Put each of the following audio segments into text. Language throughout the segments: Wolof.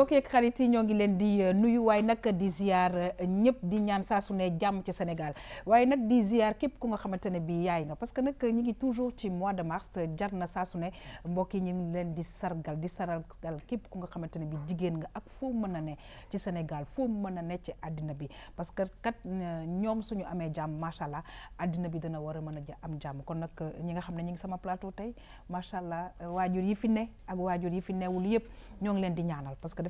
mbokk yeeg xarit yi ñoo ngi leen di euh, nuyu waaye nag di ziar euh, ñëpp di ñaan saa su ne jàmm ci Sénégal waaye nag di ziar képp ku nga xamante ne bi yaay nga parce que nag ñi ngi toujours ci mois de mars jar na saa su ne yi ñu ngi leen di sargal di sargal képp ku nga xamante ne bi jigéen nga ak foo mën a ne ci Sénégal foo mën a ne ci àddina bi parce que kat euh, ñoom su ñu amee jàmm macha addina bi dana war a mën a am jàmm kon nag ñi nga xam ne ñu ngi sama plateau tey macha allah waajur yi fi ne ak waajur yi fi newul yëpp ñoo ngi leen di ñaanal parce que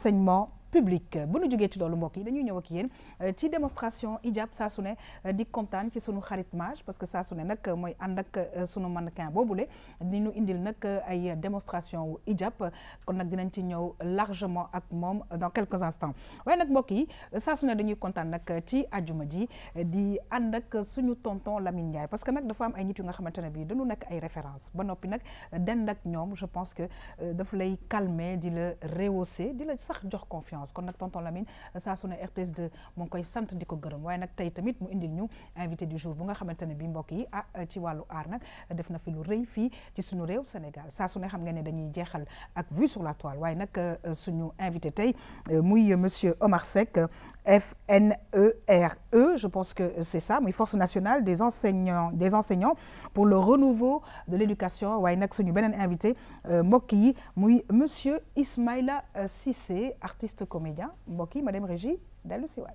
enseignement public bu nu jógee ci loolu mbokk yi dañuy ñëw ak yéen euh, ci démonstration hijab saa su ne euh, di kontaan ci sunu xarit mage parce que saa su ne nag mooy ànd ak euh, sunu mannequin boobule di ñu indil nag ay démonstration Ijab hijab kon nag dinañ ci ñëw largement ak mom dans quelques instants waaye nag mbokk yi saa su ne dañuy kontaan nag ci ajuma ji di ànd ak suñu tonton Lamine Ndiaye parce que nag dafa am ay nit yu nga xamante ne bii dañu nekk ay référence ba noppi nag dend ak ñoom je pense que daf lay calmer di le rehausser di la sax jox confiance compétence kon tonton Lamine saa su ne RTS 2 moo ngi koy sant di ko gërëm waaye nag tamit mu indil ñu invité du jour bu nga xamante ne bi mbokk yi ah ci wàllu aar nag def fi lu rëy fii ci suñu réew Sénégal saa su ne xam nga ne dañuy jeexal ak vue sur la toile waaye nag euh, suñu invité tey euh, muy monsieur Omar Seck F-N-E-R-E, e, je pense que c'est ça, mais Force nationale des enseignants, des enseignants pour le renouveau de l'éducation. Wainak Benen invité euh, Moki, Monsieur Ismaila Sissé, euh, artiste comédien. Moki, Madame Régie, Dalusiwat.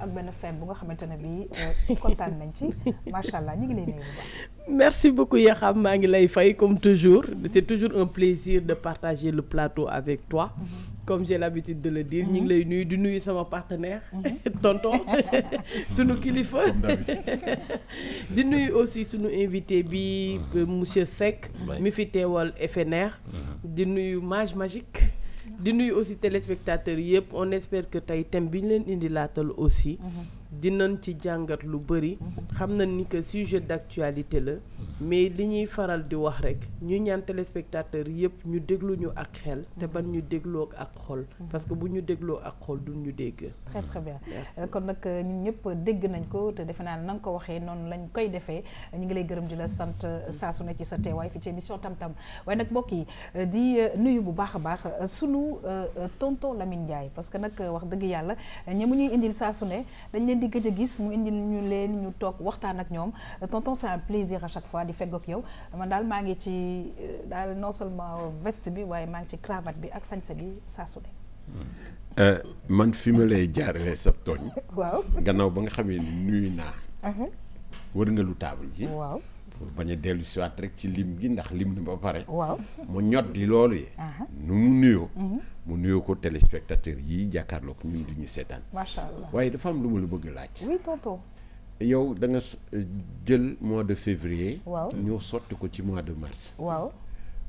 ak ben femme bu nga xamantene ne bii contente. Euh, nañ ci machallah ñi ngi lay nuyu Merci beaucoup Yaha. Je ngi lay fay comme toujours c'est toujours un plaisir de partager le plateau avec toi mm-hmm. comme j'ai l'habitude de le dire ñu ngi mm-hmm. lay Nous di nuyu sama partenaire mm-hmm. tonton sunu kilifa di nuyu aussi sunu invité bi euh, monsieur Sec, mi fi teewal FNR di nuyu Mage Magique di nuyu aussi téléspectateurs yëpp on espère que tey thème bi leen indi laatal aussi. Mm-hmm. dinañ ci jàngat lu bëri xam nañ ni que sujet d'actualité la mais li ñuy faral di wax rek ñu ñaan téléspectateurs yëpp ñu déglu ñu ak xel te ban ñu dégloo ak xol parce que bu ñu dégloo ak xol duñ ñu dégg très très bien euh, kon nag euh, ñun ñëpp dégg nañ ko te defe naa na nga ko waxee noonu lañ koy defee ñu ngi lay gërëm di la sant euh, saasu na ci sa teewaay fi ci émission tam-tam waaye nag mbokk yi di nuyu bu baax a baax sunu tonton Lamine Ndiaye parce que nag wax dëgg yàlla ñamu ñuy indil saasu ne dañ leen di gëj a gis mu indi ñu leen ñu toog waxtaan ak ñoom tonton c'est un plaisir à chaque fois di feggoog yow man daal maa ngi ci euh, daal non seulement veste bi waaye maa ngi ci cravate bi ak sañse bi saa su ne euh, man fi ma lay jaarale sa tooñ waaw gannaaw ba nga xamee nuyu naa uh-huh. war nga lu table ji waaw pour bañ a dellu siwaat rek ci lim gi ndax lim ni ba pare. waaw mu ñot di loolu yi. nu mu nuyoo. Mhm. mu nuyoo ko téléspectateur yi jàkkaarloog ñun du ñu seetaan. macha allah waaye dafa am lu ma la bëgg laaj. oui tonton. yow da nga jël mois de février. waaw ñu sotti ko ci mois de mars. waaw.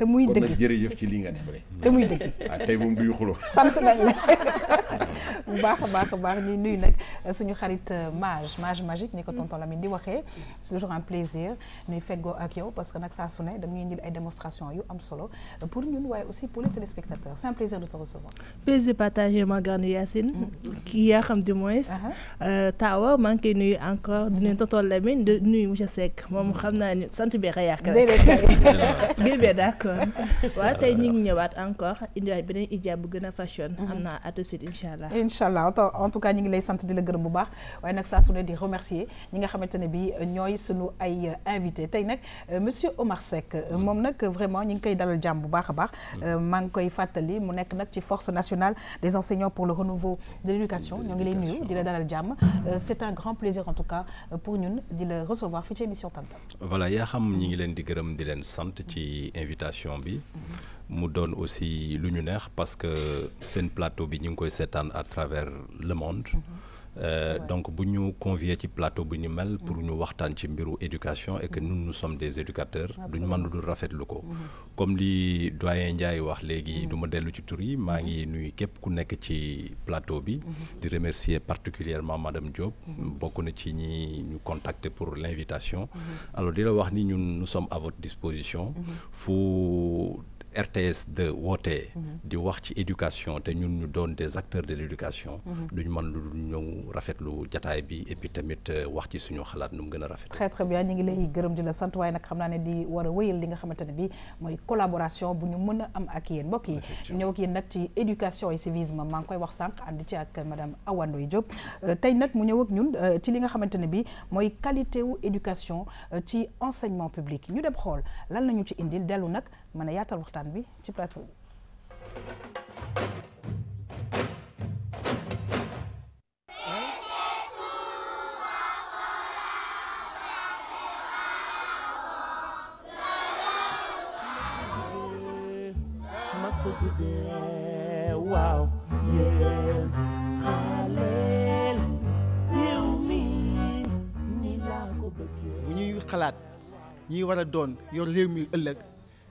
te muy dëgg kon nag jërëjëf ci lii nga def rek. te muy dëgg waaw ah, tey moom duñu xuloo. sant nañ la bu baax a baax a baax ñuy nuyu nag suñu xarit euh, mage mage magique ni ko tonton Lamine di waxee. c'est toujours un plaisir ñuy feggoo ak yow parce que nag saa su ne dañuy indil ay démonstration yu am solo pour ñun waaye aussi pour les téléspectateurs c'est un plaisir de te recevoir. plaisir partagé ma grande Yacine. Mm-hmm. kii yaa xam du moins. Uh-huh. Euh, Tawa maa ngi koy nuyu encore di nuyu tonton Lamine de nuyu monsieur Seck moom xam naa ne sant bi rek a yàq rek. déedéet déedéet d'accord kon waaw tey ñu ngi ñëwaat encore indiwaat beneen ijaa bu gën a fashion. Mhm. am naa à tout de suite incha allah. incha allah en tout cas ñu ngi lay sant di la gërëm bu baax waaye nag saa su ne di remercier ñi nga xamante ne bi ñooy sunu ay euh, invité tey nag euh, monsieur Omar Seck euh, moom nag vraiment ñu ngi koy dalal jàmm bu baax a baax. maa ngi koy fàttali mu nekk nag ci force nationale des enseignants pour le renouveau de l'éducation ñoo ngi lay nuyu di la dalal jàmm. c'est un grand plaisir en tout cas pour ñun di la recevoir fii ci émission Tam Tam. voilà yaa xam ñu ngi leen di gërëm di leen sant ci invitation nous bi aussi l'unionnaire parce que c'est une plateau qui s'étend à travers le monde euh, donc buñu ñu convier ci plateau buñu mel pour ñu waxtaan ci mbiru éducation et que mm-hmm. nous nous sommes des éducateurs duñu mën lu rafetlu ko mm-hmm. comme li doyen ndjay wax légui mm-hmm. duma delu ci tour yi ma ngi nuy képp ku nekk ci plateau bi di remercier particulièrement madame Diop bokku na ci ñi ñu contacter pour l'invitation alors di la wax ni ñun nous sommes à votre disposition fu RTS de wootee mhm. di wax ci éducation te ñun ñu donne des acteurs de l'éducation mhm. duñ mën lu ñëw rafetlu jataay bi et puis tamit euh, wax ci suñu xalaat nu mu rafet très très bien ñu ngi lay gërëm di la sant waaye nag xam naa di war a wéyal li nga xamante bi mooy collaboration bu ñu mën a am ak yéen mbokk ñëw ak yéen nag ci éducation et civisme maa ngi koy wax sànq ànd ci ak madame Awa Ndoye Diop euh, tey nag mu ñëw ak ñun euh, ci li nga xamante bi mooy qualité wu éducation ci enseignement public ñu dem xool lan la ci indil dellu nag mën a yaatal waxtaan bi ci plateau bi. waaw yéen xaaleel réew mi ni laa ko bëggee bu xalaat ñi war doon yor réew mi ëllëg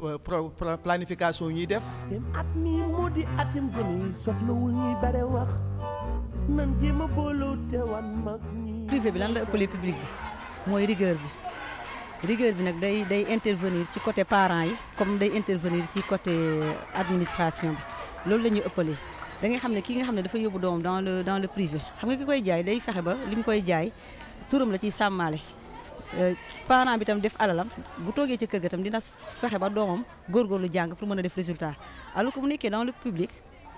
Euh, planification ñuy def. seen at mi moo atim gone yi wul ñi bare wax nan jéem a booloo teewaan mag ñi. privé bi lan la ëppalee public bi mooy rigueur bi rigueur bi nag day day intervenir ci côté parents yi comme day intervenir ci côté euh, administration bi loolu la ñuy ëppalee da nga xam ne kii nga xam ne dafa yóbbu doom dans le dans le privé xam nga ki koy jaay day fexe ba li koy jaay turam la ciy sàmmaale. Euh, parent bi tam def alalam bu toogee ci kër ga tam dina fexe ba doomam góorgóorlu jàng pour mën a def résultat alors comme bu nekkee dans le public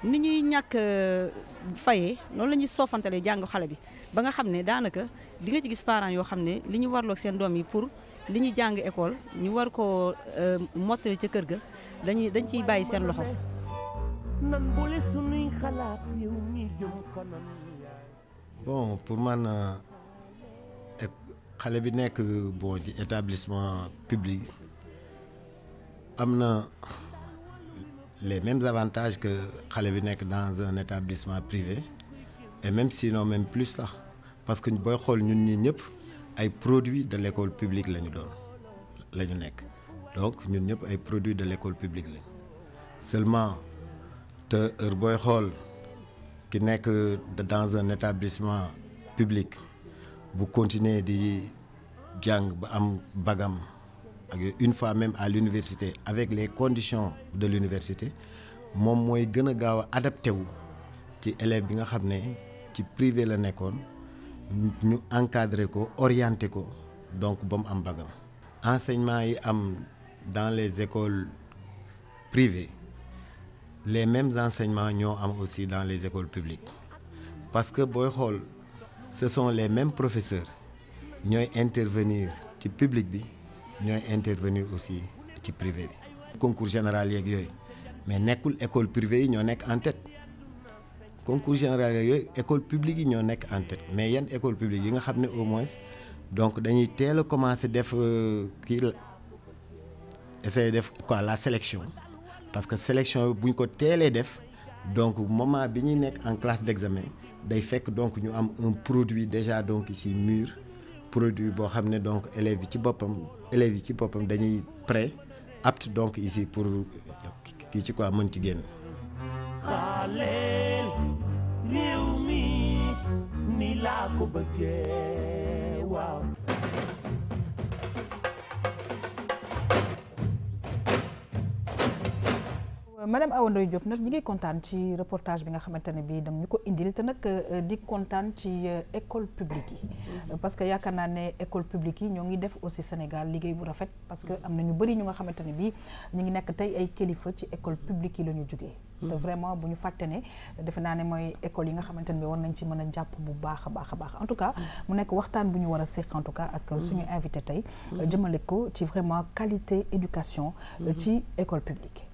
ni ñuy ñàkk euh, fayee noonu la ñuy soofantalee jàng xale bi ba nga xam ne daanaka di nga ci gis parent yoo xam ne li ñu warloog seen doom yi pour li ñuy jàng école ñu war koo euh, mottali ca kër ga dañuy dañ ciy bàyyi seen loxo. nan boole sunuy pour man. xale bi bon établissement public amna les mêmes avantages que dans un établissement privé et même sinon même plus là parce que nous xol ñun produits de l'école publique donc ñun ñëpp ay produits de l'école publique seulement te heure que xol ki nek dans un établissement public vous continuer di jàng ba am bagam ak une fois même à l'université avec les conditions de l'université mom moy gëna les gaaw qui adapté wu ci élève bi nga xamné ci privé la ñu ko orienter ko donc bam, am bagam enseignement yi am dans les écoles privées les mêmes enseignements ñoo am aussi dans les écoles publiques parce que boy xol ce sont les mêmes professeurs qui intervenir ci public bi qui intervenir aussi le privé Le concours général est. là mais l'école privée est en tête concours général est école publique est en tête mais une école publique yi nga au moins donc dañuy teel commencer def euh, la quoi la sélection parce que sélection si on ko fait, def donc moment où ñuy est en classe d'examen day fekk donc ñu am un produit déjà donc ici mûr produit boo xam ne donc élèves yi ci boppam élèves yi ci boppam dañuy prêt apte donc ici pour kii ci quoi mën ci génn. xaaleel réew mi ni laa ko bëggee waaw. madame Awa Diop nak ñi ngi kontaan ci reportage bi nga xamante bi bii da ko indil té nak euh, di kontaan ci euh, école publique mm-hmm. parce que yakana né école publique ñi ngi def aussi Sénégal liggéey bu rafet parce que amna ñu bari ñu nga xamante bi ñi ngi nekk tay ay kalifa ci école publique yi la ñu jugee mm-hmm. te vraiment buñu faté né ne na né moy école yi nga xamante ne bi war nañ ci mëna japp bu baax a baax en tout cas mm-hmm. mu nekk waxtaan buñu wara war en tout cas ak suñu invité tay jëmele ko ci vraiment qualité éducation ci école publique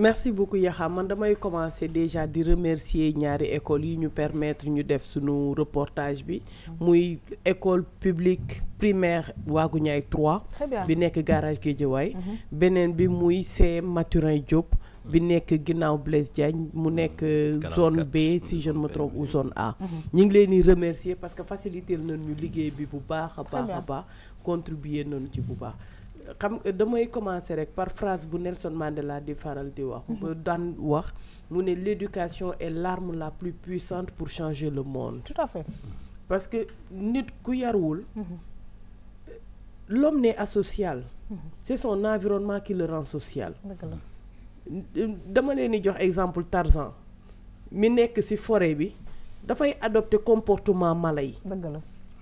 merci beaucoup yaha man damay commencer déjà di remercier ñaari école yi ñu permettre ñu def suñu reportage bi muy école publique primaire Waaguñaay 3 bi nek garage Guédiawaye mhm. benen bi muy c'est maturin Diop bi mhm. nek ginnaw Blaise Diagne mu mhm. nek euh, zone B si je ne me trompe ou zone A ñu ngi leen di remercier parce que faciliter ñu liggéey bi bu baax a baax a baax contribuer nañ ci bu baax xam vais commencer rek par phrase bu Nelson Mandela di faral di wax mhm. dan wax l'éducation est l'arme la plus puissante pour changer le monde tout à fait parce que nit ku yarwul mhm. l'homme n'est asocial mhm. c'est son environnement qui le rend social dama vous donner jox exemple Tarzan mi nek ci forêt bi fay adopter comportement malais. deug la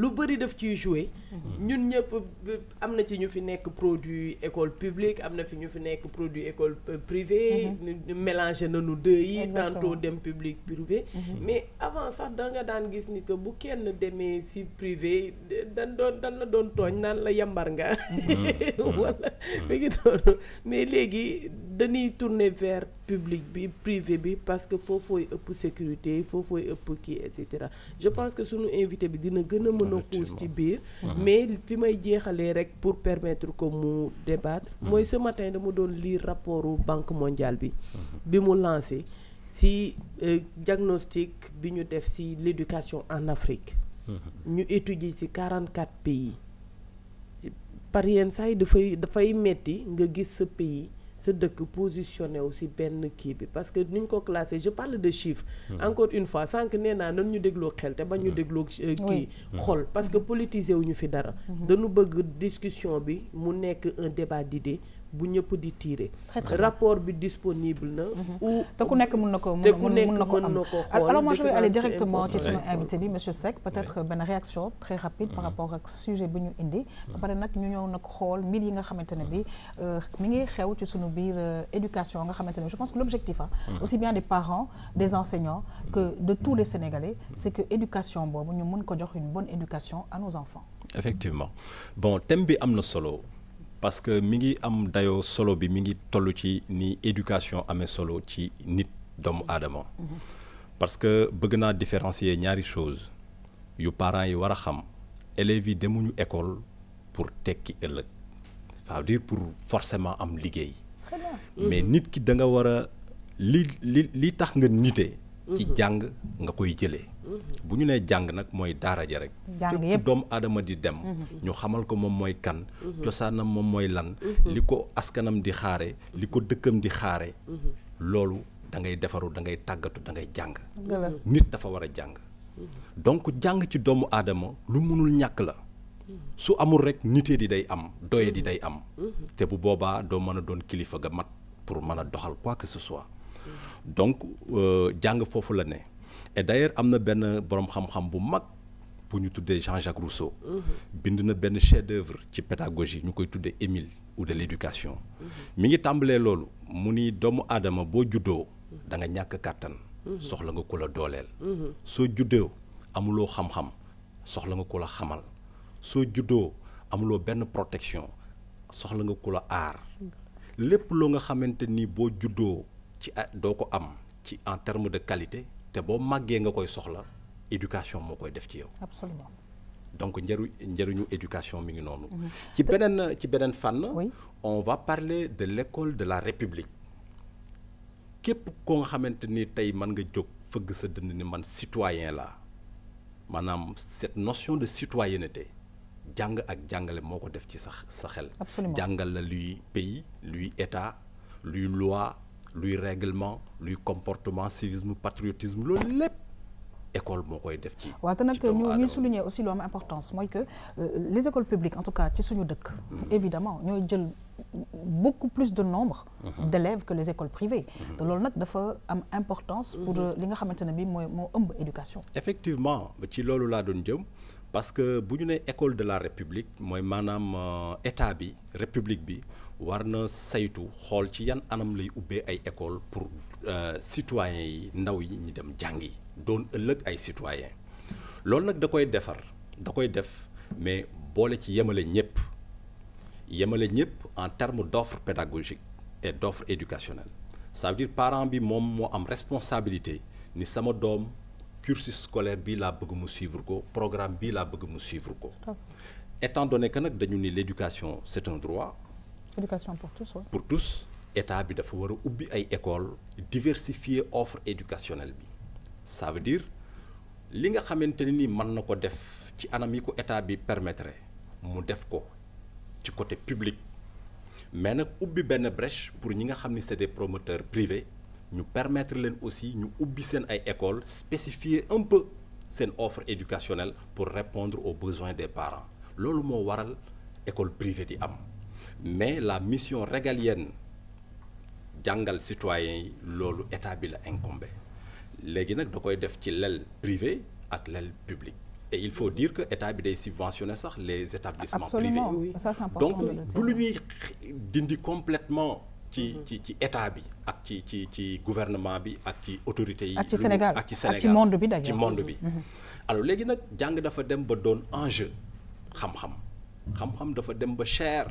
lu de daf ciy jouer ñun ñëpp am na ci ñu fi produit école publique am na fi ñu fi produit école euh, privée mhm. mélangé nañu deux yi tantôt dem public privé mhm. mais avant ça da nga daan gis ni que bu kenn demee privé dan doon la la yambar mhm. mais dañuy tourner vers public bi privé bi parce que pour ëpp sécurité faut ëpp pour et etc. je pense que sunu invité bi dina gën a mën a xuus ci biir mais fi may jeexalee rek pour permettre que mu débattre mhm. mooy ce matin dama doon lire rapportu banque mondiale bi mhm. bi mu lancé si euh, diagnostic bi ñu l'éducation en Afrique mhm. ñu étudier ci 44 pays par yenn saa yi dafay dafay metti nga gis pays c'est de positionner aussi bien ki bi parce que nous ko je parle de chiffres. Mmh. encore une fois sans que nous nous ñu dégloo xel té ba ñu mmh. euh, mmh. xol parce que politiser wuñu fi dara dañu bëgg discussion bi mu nekk un débat d'idées bu ñëpp di tiire rapport bi disponible na mhm. ou te ku nekk mën na ko te ku mën na ko alors moi je vais aller directement ci suñu invité bi monsieur Seck peut-être ben réaction très rapide par mhm. rapport ak sujet bi ñu indi ba mhm. pare nag ñu ñëw nak xol mil yi nga xamante ne bi euh, mi ngi xew ci suñu biir euh, éducation nga xamante je pense que l'objectif hein, aussi bien des parents des enseignants que de tous les Sénégalais c'est que éducation bobu ñu mën ko jox une bonne éducation à nos enfants effectivement bon thème bi am solo parce que mingi am dayo solo bi ni éducation solo ci nit dom adama. parce que bëgg différencier ñaari chose yu parents pour tekki ça veut dire pour forcément am mais mm-hmm. nit ki da nga ci mhm. jàng nga koy jëlee mhm. bu ñu nee jàng nag mooy daara ja rek fépp doomu aadama di dem mhm. ñu xamal ko moom mooy kan cosaanam moom lan liko askanam di Liko li dihare. dëkkam di xaare loolu da ngay defaru da ngay tàggatu da ngay jàng nit dafa war a donc ci lu mënul la su amul rek nitee di day am doye di day am te bu boobaa doo mën a doon kilifa ga mat pour doxal quoi que ce soit donc euh, jang fofu la né et d'ailleurs amna ben borom xam-xam bu mag pour ñu tuddé Jean-Jacques Rousseau mhm. bind na ben chef-d'œuvre ci pédagogie ñu koy Émile ou de l'éducation mhm. mi ngi tambalé loolu mu ni doomu adama bo juddo da nga ñak katan mhm. soxla nga ku la so juddé juddoo amuloo xam-xam soxla nga xamal ben protection soxla nga ku la aar lépp nga ni juddo ci ko am ci en terme de qualité te bo màggee nga koy soxla éducation mo koy def ci yow. absolument donc njëru njëriñu éducation mi ngi noonu. Mm-hmm. ci benen ci benen fànn. on va parler de l'école de la République képp ko nga xamanteni tay man nga jóg feug sa dënd ni man citoyen la manam cette notion de citoyenneté. jang ak jangale moko def ci sa sa xel. la luy pays luy état luy loi. Lui règlement lui comportement civisme patriotisme le lépp école moo def ci waaw nous aussi l'importance que euh, les écoles publiques en tout cas ci suñu mhm. évidemment nous avons beaucoup plus de nombre mhm. d'élèves que les écoles privées Donc, mhm. loolu nag dafa am importance pour euh, li nga xamante bi éducation effectivement ci loolu parce que si nous école de la république suis manam euh, état république bi war saytu xol ci yan anam lay ubbe ay école pour euh, citoyens yi ndaw yi ñi dem jangi doon ëllëg ay citoyens lool nak da koy défar da koy def mais bolé ci yemale ñëpp yemale ñëpp en terme d'offre pédagogique et d'offre éducationnelle ça veut dire parents, bi mom mo am responsabilité ni sama doom cursus scolaire bi la bëgg mu suivre ko programme bi la bëgg mu suivre ko étant donné que nak dañu ni l'éducation c'est un droit éducation pour tous pour tous état bi dafa war a école diversifier offre éducationnelle ça veut dire li nga vous savez ni mën na ko def ci anam état bi permettre mu def côté public mais nag ubbi une brèche pour ñi nga c'est des promoteurs privés nous permettre aussi ñu faire seen école spécifier un peu seen offre éducationnelle pour répondre aux besoins des parents loolu moo waral école privée di am mais la mission régalienne jangal citoyen lolu état bi la incombé légui nak da koy def ci l'aile privée ak l'aile publique et il faut dire que état bi des subventionner sax les établissements Absolument, privés oui. Ça, donc du lu ñuy dindi complètement ci ci ci état bi ak ci ci ci gouvernement bi ak ci autorité yi. ak ci Sénégal ak ci monde bi ci monde bi. Mhm. alors légui nak jang dafa dem ba doon enjeu xam-xam xam-xam dafa dem ba cher.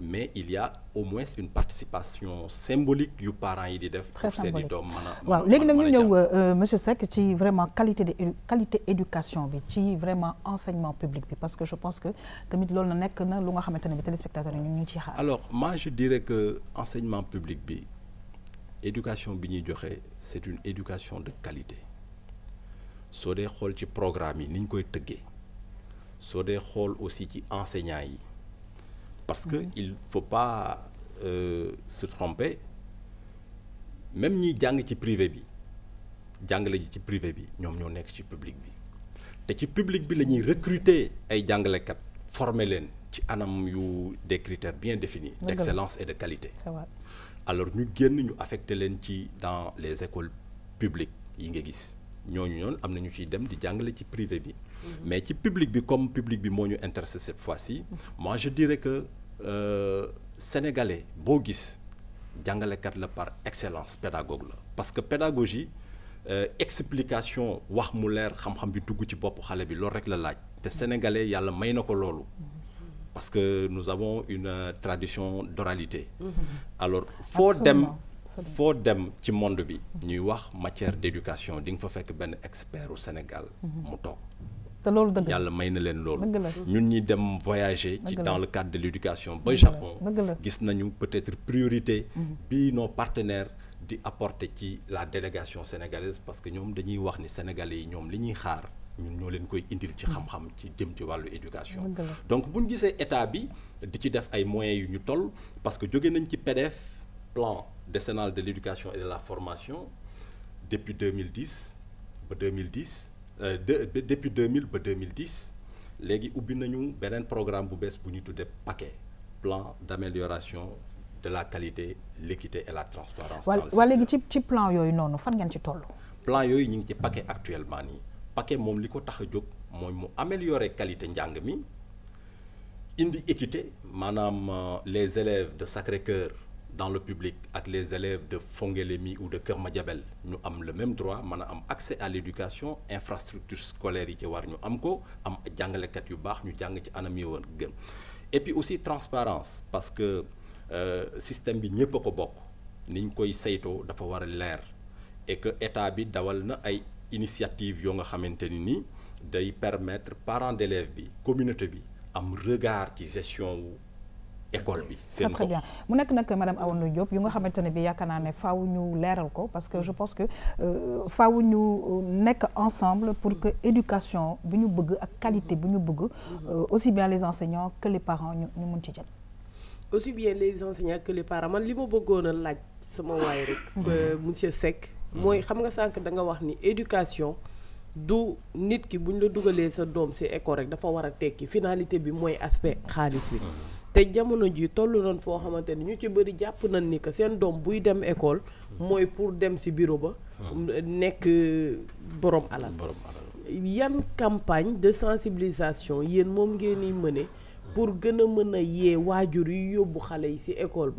mais il y a au moins une participation symbolique du parents yi di def. très symbolique pour seen i ñu euh, monsieur Seck ci vraiment qualité de qualité éducation bi ci vraiment enseignement public bi parce que je pense que tamit le na nekk na lu nga xamante ne bi téléspectateurs ñu xaar. alors moi je dirais que enseignement public bi éducation bi ñuy joxe c'est une éducation de qualité soo dee xool ci programme yi ni ñu koy tëggee Sur des xool aussi ci enseignants yi. Parce qu'il ne faut pas euh, se tromper. Même si jàng ci privé bi jàngale privé bi ñoom ñoo nekk ci public bi Té ci public bi la ñuy recruter ay former anam yu des critères bien définis d'excellence et de qualité alors nous, génn ñu affecté les dans les écoles publiques yi nga gis ñooñu ñoon am ñu dem privé bi mhm. mais ci public bi comme public bi intéressé cette fois-ci mhm. moi je dirais que euh, sénégalais Bogis, jangale kat la par excellence pédagogue parce que pédagogie euh, explication wax mu leer xam-xam bi dugg ci bop xalé bi lool rek la laaj te sénégalais yalla may na parce que nous avons une euh, tradition d'oralité mm-hmm. alors for dem for dem ci monde bi ñuy wax matière d'éducation ding fa fekk ben expert au Sénégal mm-hmm. mu te loolu may na leen loolu. ñun ñi dem voyager. ci dans le cadre de l'éducation éducation ba Japon. gis nañu peut-être priorité. Mhm. bi nos partenaires di apporter ci la délégation sénégalaise parce que ñoom dañuy wax ni sénégalais nous ñoom li ñuy xaar ñun ñoo leen koy indil ci xam-xam ci ci éducation. donc bu nous gisee état bi di ci def ay moyens yu ñu toll parce que nous nañ ci PDF plan décennal de l'éducation et de la formation depuis 2010 ba 2010. Euh, depuis 2000 ba 2010 légui ubbi nañu benen programme bu bees bu ñu tuddé paquet plan d'amélioration de la qualité l'équité et la transparence waa légui ci ci plan yooyu noonu fan ngeen ci tollu plan yooyu ñi ngi ci paquet actuellement ni paquet mom liko ko tax a mu améliorer qualité njang mi indi équité manam euh, les élèves de Sacré-Cœur dans le public avec les élèves de Fongelemi ou de Kermadiabel Nous avons le même droit nous avons accès à l'éducation infrastructure scolaire yi ci war ñu am ko am avons yu baax ñu avons ci anam et puis aussi transparence parce que euh, système n'est pas très ko nous ni ñu koy l'air, dafa et que l'État a dawal na ay initiative aux nga ni parents d'élèves bi communauté bi am regard ci gestion école bi c'est très bien mu nek nak madame Awa Ndoye Diop yu nga xamantene bi yakana naa ne faaw ñu léral ko parce que je pense que euh, faawu ñu euh, nek ensemble pour que éducation bi ñu bëgg ak qualité bi ñu bëgg euh, aussi bien les enseignants que les parents ñu ñu ci jël aussi bien les enseignants que les parents man li ma bëggoon laaj sama way rek mhm. monsieur sec mhm. moy xam nga sank da nga wax ni éducation du nit ki buñ la dugalee sa dom si école rek dafa wara tekki finalité bi moy aspect xaliss bi mhm te ji ñu ci ni que buy dem école pour dem ci bureau ba borom alal campagne de sensibilisation yeen ngeen hmm. ni pour que nous mën wajur yu école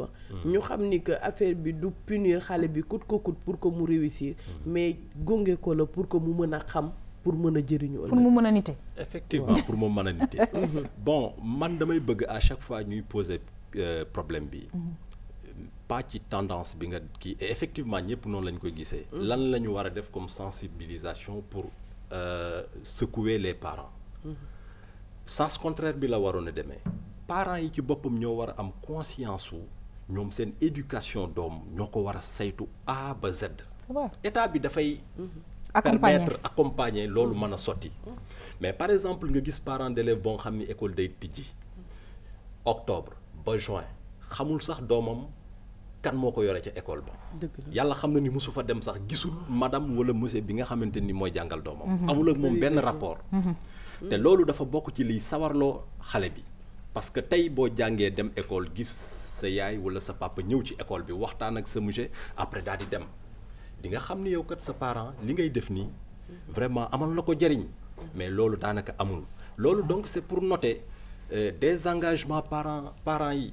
que affaire punir xale bi que pour que mu réussir hmm. mais gunge ko la pour que mu pour mën a pour effectivement pour mon mën mhm. bon man bug à chaque fois nous poser euh, problème bi mhm. pas qui tendance bi nga kii effectivement ñëpp pour lañ koy gisee mhm. lan l'année ñu war def comme sensibilisation pour euh, secouer les parents sans ce contraire bi la warone a parents yi ci boppam ñoo war am conscience su ñoom une éducation d'homme ñoo ko c'est a à A ba Z état bi dafay accompagner permettre accompagner loolu mën a mais par exemple nga gis parents d'élèves bon xamni école day tidji octobre ba juin xamul sax domam kan moko yoré ci école ba. Yalla, xam na ni mosu dem sax gisul madame wala monsieur bi nga xamanteni ni jangal domam mhm. amul ak mom ben rapport. Mhm. Mhm. te loolu dafa bokk ci li sawarlo xalé bi. parce que tay bo jangé dem école gis sa yaay wala sa papa ñëw ci école bi waxtaan ak sa monsieur après daal di dem di nga xam ni yow kat sa parent li ngay def nii vraiment amal na ko jëriñ mais loolu daanaka amul loolu donc c'est pour noter euh, des engagements parents parents yi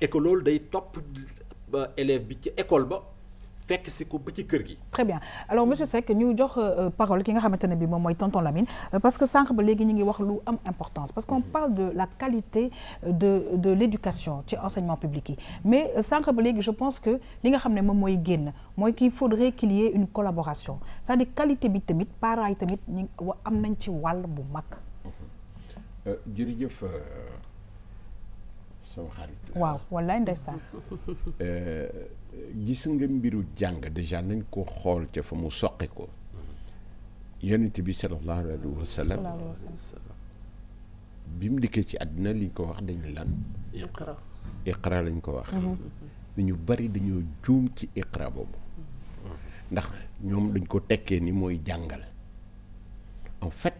et que loolu day topp euh, élève bi ci école ba fekk si ba ci très bien alors monsieur que ñu jox euh, parole ki nga un ne bi moom mooy tonton Lamine euh, parce que ça ba léegi ñu ngi wax lu importance parce qu'on mm-hmm. parle de la qualité euh, de de l'éducation de enseignement public mais sànq ba léegi je pense que li nga xam ne moom mooy qu'il faudrait qu'il y ait une collaboration ça à dire qualité bi tamit parents yi tamit ñu am nañ ci wàll bu mm-hmm. sama xarit. waaw euh gis nga mbiru jàng déjà nañ ko xool ca fa mu soqe ko yonent bi sallallahu alayhi wa bi mu dikkee ci àddina liñ ko wax dañ lan iqra lañ ko wax mhm. ñu bari dañoo juum ci iqra boobu ndax ñoom dañ ko tekkee ni mooy jàngal en fait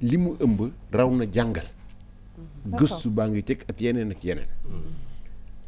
li mu ëmb raw na jàngal mhm. gëstu baa ngi teg ak yeneen ak yeneen mhm.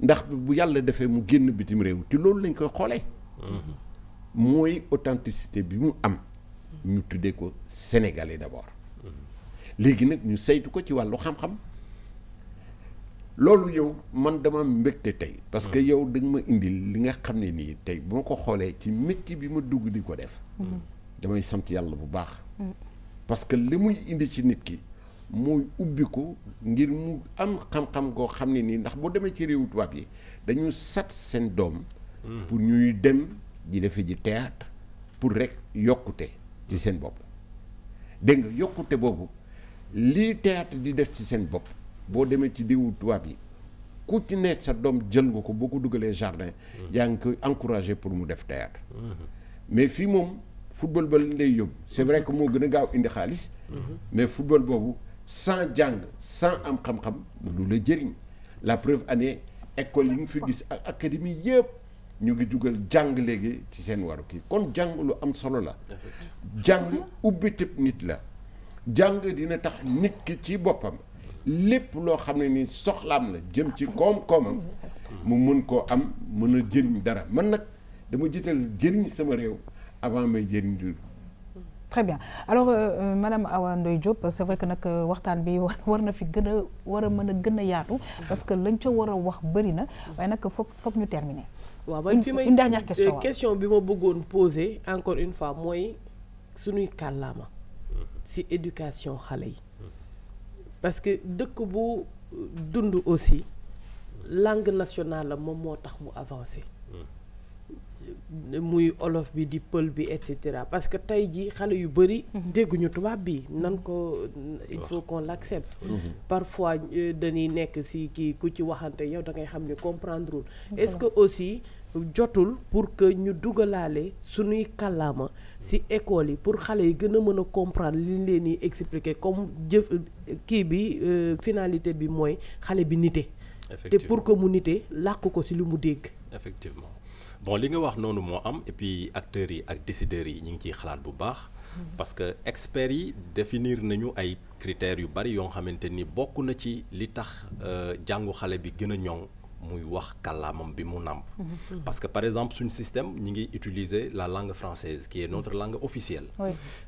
ndax bu yàlla defee mu génn bitim réew te loolu lañ authenticité bi mu am. ñu tuddee ko sénégalais d'abord. léegi nag ñu saytu ko ci wàllu xam-xam. loolu yow man dama parce que mm. yow da nga ma indil li nga xam ne nii tey bu ma ko xoolee ci métier bi ma dugg di ko mm. mm. parce que li indi ci nit mooy ubbi ngir mu am xam-xam go, xamni ni, ndax bo demé ci réewu tubaab yi dañu sat sen dom hmm. pour ñuy dem di defee ji théâtre pour rek yokuté ci sen bop D'eng, yokuté bobu, li théâtre di def ci sen bop bo demé ci réewu tubaab yi ku ci ne sa dom jël nga ko boo ko jardin hmm. yaa koy pour mu def théâtre hmm. mais fi mom football ba lay yob c'est vrai que mo gëna a gaaw indi xaliss mais football bobu. sans jàng sans am xam-xam mënu la jëriñ la preuve année école yi nga fi gis ak académie yëpp ñu ngi jugal jàng léegi ci seen waru kii kon jàng lu am solo la jàng ubbi ubbitib nit la jàng dina tax nit ki ci boppam lépp loo xam ne ni soxlaam la jëm ci koom-koomam mu mën koo am mën a jëriñ dara man nag dama jiital jëriñ sama réew avant may jëriñ très bien alors euh, euh, madame Awandoy Diop c'est vrai que nous euh, avons bi de nous fi parce que nous avons besoin de wax bëri il faut que nous terminions. ñu terminer une dernière question question que je poser encore une fois c'est suñuy Parce que, éducation parce que dëkk bu aussi langue nationale la moom avancée muy olof bi di pël bi et cetera parce que tey jii xale yu bëri. Mhm. dégguñu tubaab bi mhm. nan ko il faut qu'on l'accepte. Mhm. parfois euh, dañuy nekk si kii ku ci waxante yow da ngay xam ne comprendre est-ce que aussi jotul pour que ñu dugalaale suñuy kàllaama si école yi pour xale yi gën a mën a comprendre liñ leen expliquer comme jëf kii bi euh, finalité bi mooy xale bi nite. te pour que mu nite làkk ko si li mu dégg. effectivement bon li nga wax nonu mo am et puis acteurs yi ak décideurs yi ñi ngi ci xalaat bu baax. Mhm. parce que experts yi définir nañu ay critères yu bari yo xamanteni bokku na ci li tax euh, jangu xalé bi gëna ñong muy wax bi mu mhm. parce que par exemple sun système ñi ngi utiliser la langue française qui est notre mhm. langue officielle.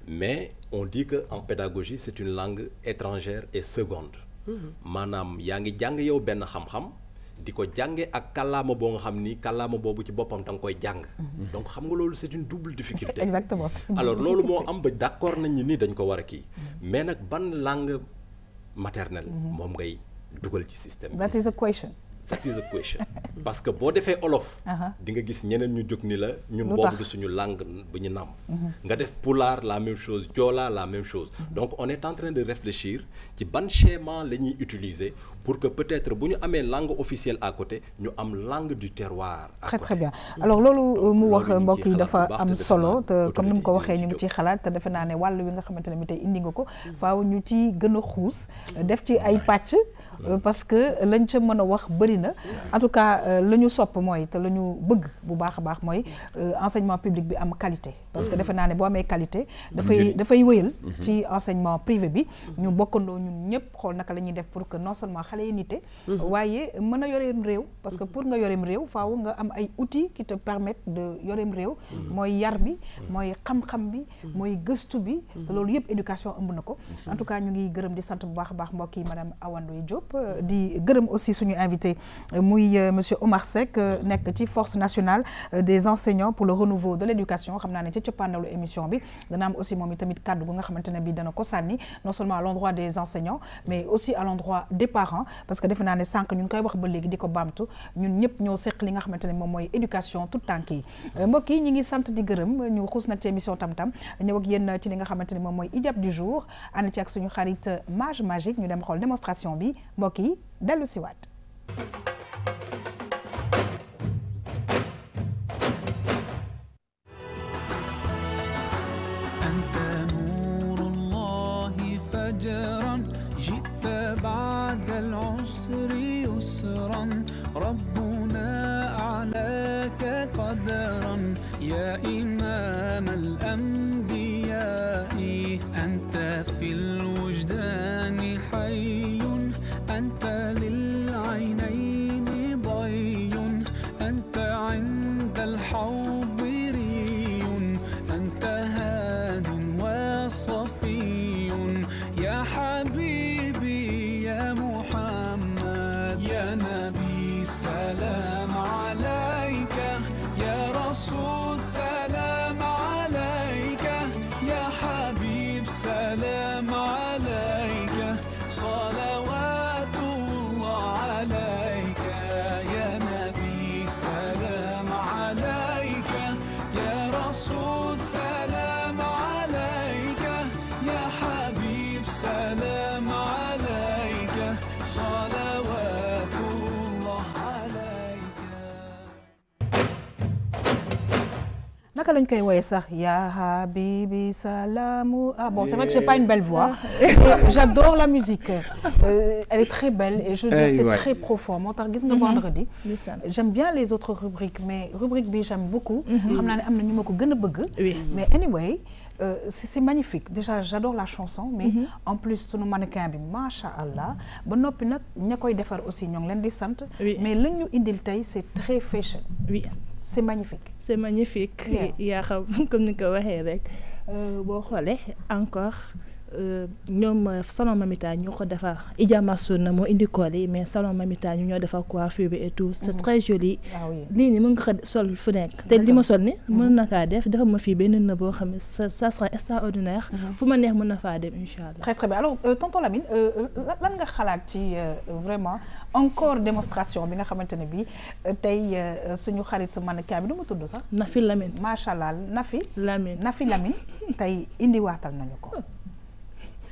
mais on dit que en pédagogie c'est une langue étrangère et seconde. manam yaangi jang yow ben xam-xam. di ko jànge ak kàllaama boo nga xam ni kàllaama boobu ci boppam da nga koy jàng mhm. donc xam nga loolu c'est une double difficulté exactement alors loolu moo am ba d'accord nañ ni dañ ko war a kii mhm. mais nag ban langue maternelle mhm. moom ngay dugal ci système that is a question that is a question parce que boo defee olof. di nga gis ñeneen ñu jóg ni la. ñun boobu du suñu langue bu ñu nam mhm. nga def pulaar la même chose joola la même chose. Mhm. donc on est en train de réfléchir ci ban schéma la ñuy utiliser pour que peut-être bu ñu amee langue officielle à côté ñu am langue du terroir. très très bien alors loolu euh, mu wax mbokk yi dafa am solo te comme ni mu ko waxee ñu ngi ciy xalaat te defe naa ne wàll wi nga xamante ne bi tey indi nga ko mhm. faaw ñu ci gën a xuus def ci ay pàcc. Euh, parce que lañ ca mën wax bari na en tout cas euh, lañu sop moy té lañu bëgg bu baax baax moy euh, enseignement public bi am qualité parce que défé na né bo amee qualité da fay da fay wëyel mhm. ci enseignement privé bi mhm. ñu bokkandoo ñun ñëpp xol naka lañuy def pour que non seulement xalé yi nite mhm. waaye mën a réew parce que pour nga yoré réew faaw nga am ay outils qui te permettent de yoré réew moy yar bi mooy xam-xam bi moy gëstu bi te loolu yëpp éducation ëmb na en tout cas ñu ngi gërëm di sant bu baax baax mbokk yi madame Awa Ndoye Diop Diop euh, di gërëm aussi suñu invité euh, muy euh, monsieur Omar Seck nek ci force nationale des enseignants pour le renouveau de l'éducation. Xamna né ci ci panelu émission bi dana am aussi momi tamit cadre bu nga xamantene bi dana ko sanni non seulement à l'endroit des enseignants mais aussi à l'endroit des parents parce que defe naa ne sànq ñu koy wax ba légui diko bamtu ñun ñëpp ñoo seq li nga xamantene mom moy éducation tout temps ki mbokk yi ñi ngi sante di gërëm ñu xuus ci émission tam-tam ñew ak yeen ci li nga xamantene mom moy ijab du jour ànd ci ak suñu xarit mage magique ñu dem xol démonstration bi mbokk yi dellu si waat فجرا جئت بعد العسر يسرا ah bon c'est vrai que j'ai pas une belle voix j'adore la musique euh, elle est très belle et je dis eh, c'est très profond mon mm-hmm. vendredi j'aime bien les autres rubriques mais rubrique B j'aime beaucoup mm-hmm. mais anyway euh, c'est magnifique déjà j'adore la chanson mais mm -hmm. en plus sunu mannequin bi macha allah ba noppi nag ña koy aussi ñoo ngi leen di sant. mais lu indil c'est très fashion. oui c'est magnifique. c'est magnifique. et comme ni ko waxee rek euh, boo xoolee encore. Euh, ñoom euh, salon Mamita indi mais salon Mamita ñu ñoo coiffure et tout mhm. très joli. Ah lii nii mën nga ko sol fu nekk. li ma ça sera extraordinaire. Mhm. fu neex mën na dem très très bien alors euh, tonton Lamine lan nga xalaat ci vraiment encore démonstration bi nga xamante ne suñu xarit bi Nafi Lamine macha allah Nafi. Lamine Nafi Lamine tey indiwaatal nañu ko.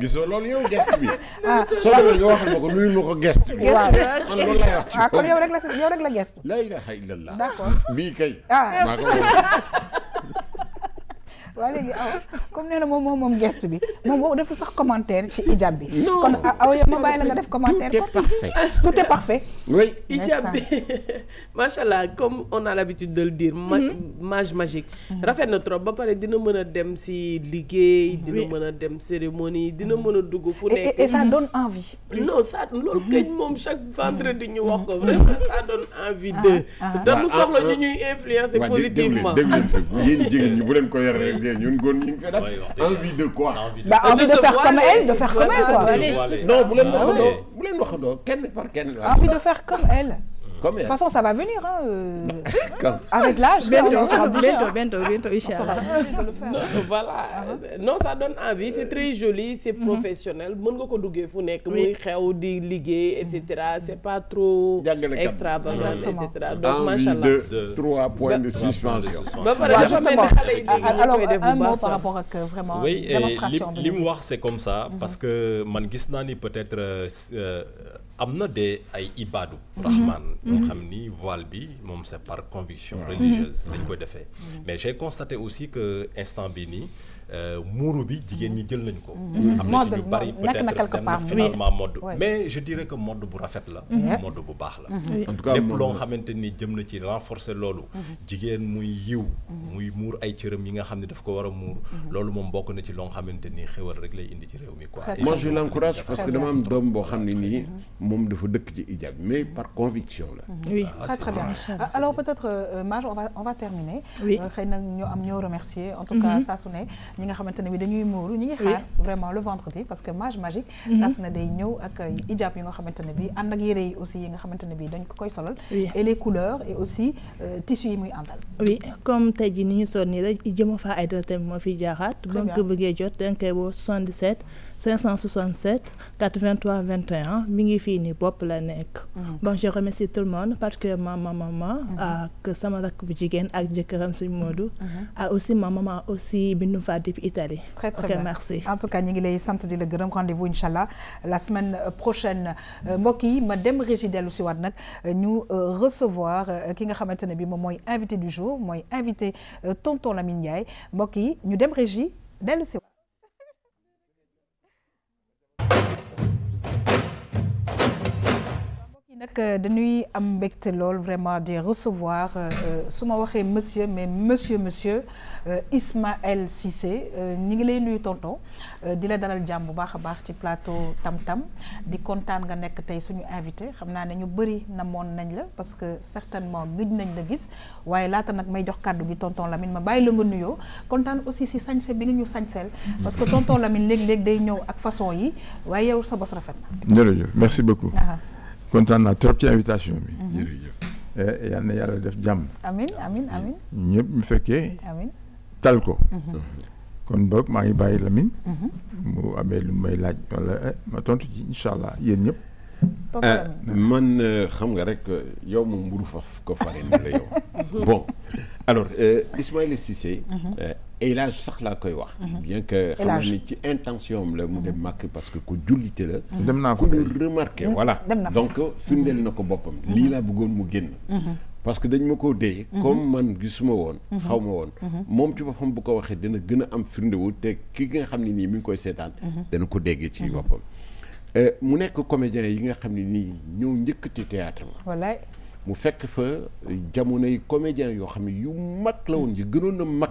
gisoo loolu yow gest bi. ah soo ko nuyul ma ko bi. waaw man loolu lay wax ci ah, kon yow rek la yow rek la gest. la ilaha illallah. waaw léegi aw ah, comme nee na moom moom moom geste bi moom boo defu sax commentaire ci ijab bi. kon aw ah, ah, yow ma bàyyi la nga def commentaire. tout est parfait tout est parfait. oui ijab bi macha allah comme on a l'habitude de le dire. Mhm. mage magique. Mhm. rafet na trop ba pare dina mën a dem si liggéey. dina mën a dem cérémonie dina mën a dugg fu nekk. et ça donne envie. Mm-hmm. non ça loolu mhm. këñ moom chaque vendredi ñu wax ko vraiment ça donne envie de. dañu bah, soxla ñu euh, ñuy influencer bah, positivement. dégg ngeen dégg yéen jigéen ñi bu leen ko yore rek. bien ñun góor envie de quoi envie de bah, faire comme elle de faire comme elle non vous leen waxandoo ah vous leen waxandoo kenn par kenn envie de faire comme elle de toute façon, ça va venir. Hein, euh, Avec l'âge, bientôt, hein. bientôt, bientôt, Voilà. Uh-huh. Non, ça donne envie. C'est très joli, c'est mm-hmm. professionnel. etc. Mm-hmm. C'est pas trop extravagant, etc. trois points de suspension. un mot par rapport à euh, vraiment Oui, c'est comme ça parce mm-hmm. que man peut-être euh, amna de ay Ibadou, rahman ñoo mhm. xam ni voile bi moom c'est par conviction religieuse mhm. lañ koy defee mais j'ai constaté aussi que instant bi nii euh, muuru bi jigen ñi jël nañ ko. Mm-hmm. am na ci ñu bari peut-être finalement mode. mais je dirais que mode bu rafet la. Mm-hmm. mode bu baax la. Mm-hmm. en tout cas lépp loo xamanteni jëm na ci renforcer lolu jigen muy yiw. muy mur ay cëram yi nga xamni daf ko wara a lolu mom moom bokk na ci lo xamante ni rek lay indi ci réew mi quoi. moi je l'encourage parce que dama am dom bo xamni ni mom dafa dëkk ci ijab mais par conviction la. oui ah, très très bien ah, alors peut-être euh, Maj on va on va terminer. oui euh, xëy na ñu am ñoo remercier en tout cas saa su ñi nga xamante ne bi dañuy muuru ñi ngi xaar vraiment le vendredi parce que mage magique ça mhm. su ne day ñëw ak hijab yu nga xamante ne bi ànd ak yére yi aussi yi nga xamante ne bi dañ ko koy solal et les couleurs et aussi euh, tissu yi muy àndal oui comme tey jii ni ñu sol nii rek jëma faa ay dara tamit moo fiy jaaxaat ba nga ko bëggee jot danga koy woo 77 567 83 21 mingi la mhm. bon je remercie tout le monde particulièrement ma maman. Mhm. ak sama rakk bu jigéen ak jëkkëram suñu Modou. Mhm. ak aussi ma maman aussi bi nu depuis Italie. très très bien merci. en tout cas ñi ngi lay sant di rendez-vous inshallah. la semaine euh, prochaine euh, mbokk yi ma dem régie dellu nous euh, ñu recevoir ki nga xamantene bi invité du jour moy invité tonton Lamine Ndiaye nous yi ñu dem régie dellu nag euh, dañuy am mbégte lool vraiment di recevoir euh, euh, suma ma monsieur mais monsieur monsieur Ismaël Cissé ñi ngi lay nuyu tonton di la dalal jamm bu baax baax ci plateau Tam Tam di contane nga nek tay suñu invité xamna naa ne ñu bëri namoon nañ la parce que certainement gëj nañ la gis waye laata nak may jox cadeau gi tonton Lamine ma bàyyi la nga nuyo contane aussi si sañse bi nga ñu sañsel parce que tonton Lamine leg leg day ñew ak façon yi waye yow sa boss rafet na. jërëjëf merci beaucoup kontaan naa trop ci invitation bi. Mhm. jërëjëf. Eh, yal na yàlla def jam amin amin eh, amin ñepp ñu fekke amin tal ko. Mhm. kon bok ma ngi baye Lamine. Mhm. mu amee lu may laaj wala eh, ma tontu ci inshallah yeen ñepp ñëpp. man xam nga rek yow moom mburu faf ko faré ni la yow. bon alors Ismaïla Cissé. Et là sax laa koy wax. Mhm. bien que xam ci intention le la mu dem parce que ku jullite le mhm. dem ko ku mhm. voilà. donc firndeel na ko boppam. lii laa bëggoon mu parce que dañ ma koo comme man gisuma won xaw ma mom moom ci bopam bu ko waxe dina gëna am firndewu té ki nga xamni ni mi ngi koy sétane dana ko déggee ci euh mu nek comédien yi nga xamni ni ñoo njëkk ci théâtre ma wallaay mu fekk fa jamonoy comédien yo xamni yu mak la woon yi gënon na mak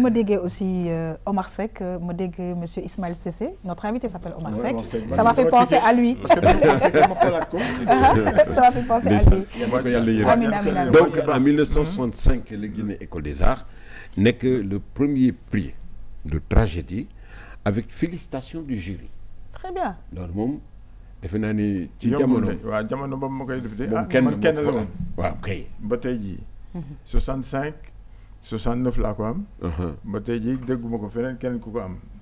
Je me déggee aussi euh, Omar Seck euh, ma dégg monsieur Ismaël Cissé notre invité s'appelle Omar Seck ah, ça m'a fait penser à lui ça m'a fait penser à lui donc en 1965 le Guinée école des arts n'est que le premier prix de tragédie avec félicitations du jury très bien Alors, moom defe suis ci jamono un jamono boobu ma koy def de ah, la kay ba 65 69 laa quoi am. Uh-huh. ba tey jii que ko feneen am.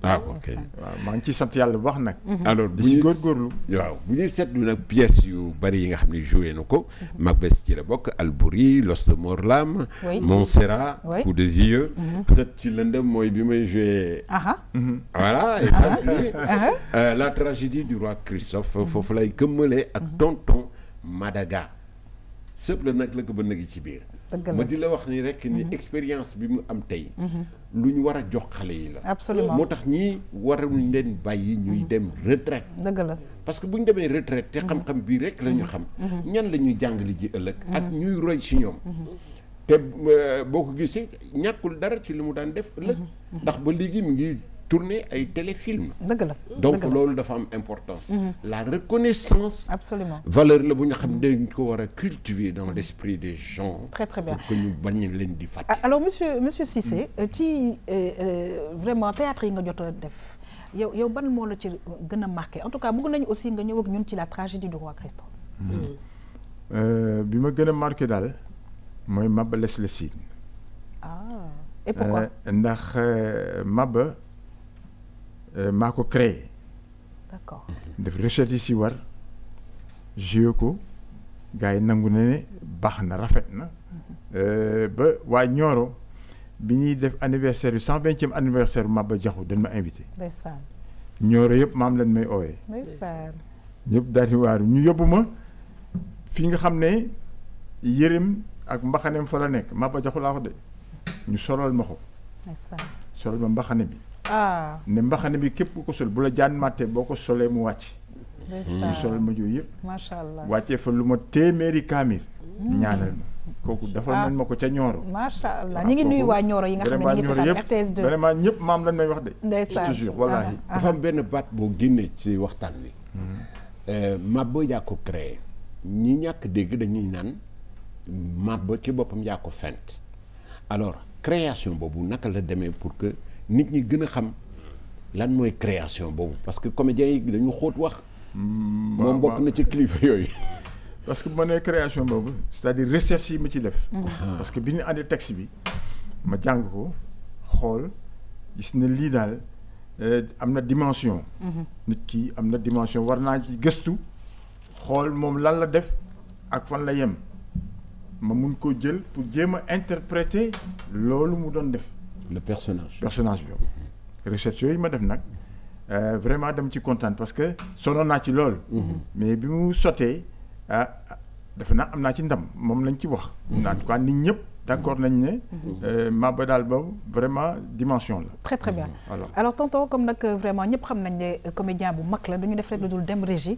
ah ok ah, mm-hmm. alors bu gor Il waaw bu mm-hmm. Macbeth la Morlam. Coup de vieux. Mm-hmm. peut-être ci lende moy bi voilà euh, la tragédie du roi Christophe foofu lay à tonton Madaga C'est le ko ma di la wax ni rek ni mhm. expérience bi mu am tey. Mhm. lu ñu war a jox xale yi la. absolument moo tax ñii waruñ leen bàyyi ñuy mhm. dem retraite. dëgg la parce que bu ñu demee retraite te xam-xam bii rek la ñu xam. ñan la ñuy jàngale ji ëllëg. ak ñuy roy si ñoom. te euh, boo ko gisee ñàkkul dara ci li mu daan def ëllëg. ndax ba léegi mu ngi. tourner ay téléfilm donc loolu de femme importance mhm. la reconnaissance absolument valeur le bu xam cultiver dans l'esprit des gens très très bien pour que nous bannions ah, alors monsieur monsieur Cissé tu mm. euh, euh, euh, vraiment théâtre yi nga jot a def yow yow ban mot la ci marqué en tout cas bëgg nañu aussi nga ñëw ak ñun ci la tragédie du roi Christophe mm. euh, ma gën marqué daal mooy Maba le signe. ah et pourquoi ndax Maba Euh, maa ko créé. d'accord def recherche yi si war joué ko gars yi nangu ne ne baax na rafet na. Euh, ba waa ñooro bi ñuy def anniversaire yu cent vingtième anniversaire Maba Diakhou dañ ma invité. ndeysaan Nioro yëpp maam lañ may oowee. ndeysaan ñëpp daal di waaru ñu yóbbu ma fi nga xam ne yërëm ak mbaxaneem fa la nekk Maba Diakhou laa ko de ñu solal ma ko. solal ma mbaxane bi. Ah. ne mbaxane bi képp ku ko sol bu la jaan màttee boo ko solee mu wàcc mu solal ma jooyu yëpp macha allah wàccee fa lu ma téeméeri kaamir mm. ñaanal ma kooku dafa mel ma ko ca Nioro macha allah ñu ngi nuyu waa Nioro yi nga xam ne ñu ngi seetaan RTS 2 vraiment ñëpp maam lañ may wax de ndeysaan toujours wallaahi ah, ah. benn baat boo génnee ci waxtaan wi mm. euh, Maba yaa ko créé ñi ñàkk dégg dañuy naan Maba ci boppam yaa ko fent alors création boobu naka la demee pour que nit ñi gën a xam lan mooy création boobu parce que comédien yi dañu xóot wax. Mm, moom bokk na ci kilifa yooyu. parce que bu ma nee création boobu c'est-à-dire recherche yi ma ci def. Mm-hmm. Ah. parce que bi ñu àndee texte bi ma jàng ko xool gis na lii daal euh, am na dimension. Mm-hmm. nit ki am na dimension war naa ci gëstu xool moom lan la def ak fan la yem ma mun ko jël pour jéem a interpréter loolu mu doon def le personnage personnage oui. ma euh, vraiment ci parce que sonoon ci mhm. mais bi mu sauter ah, ah, mhm. en tout d'accord nañ ne mhm. Euh, Maba vraiment dimension très très bien alors tantôt, comme nag euh, vraiment ñëpp xam nañ comédien bu mag la dañu def dem régie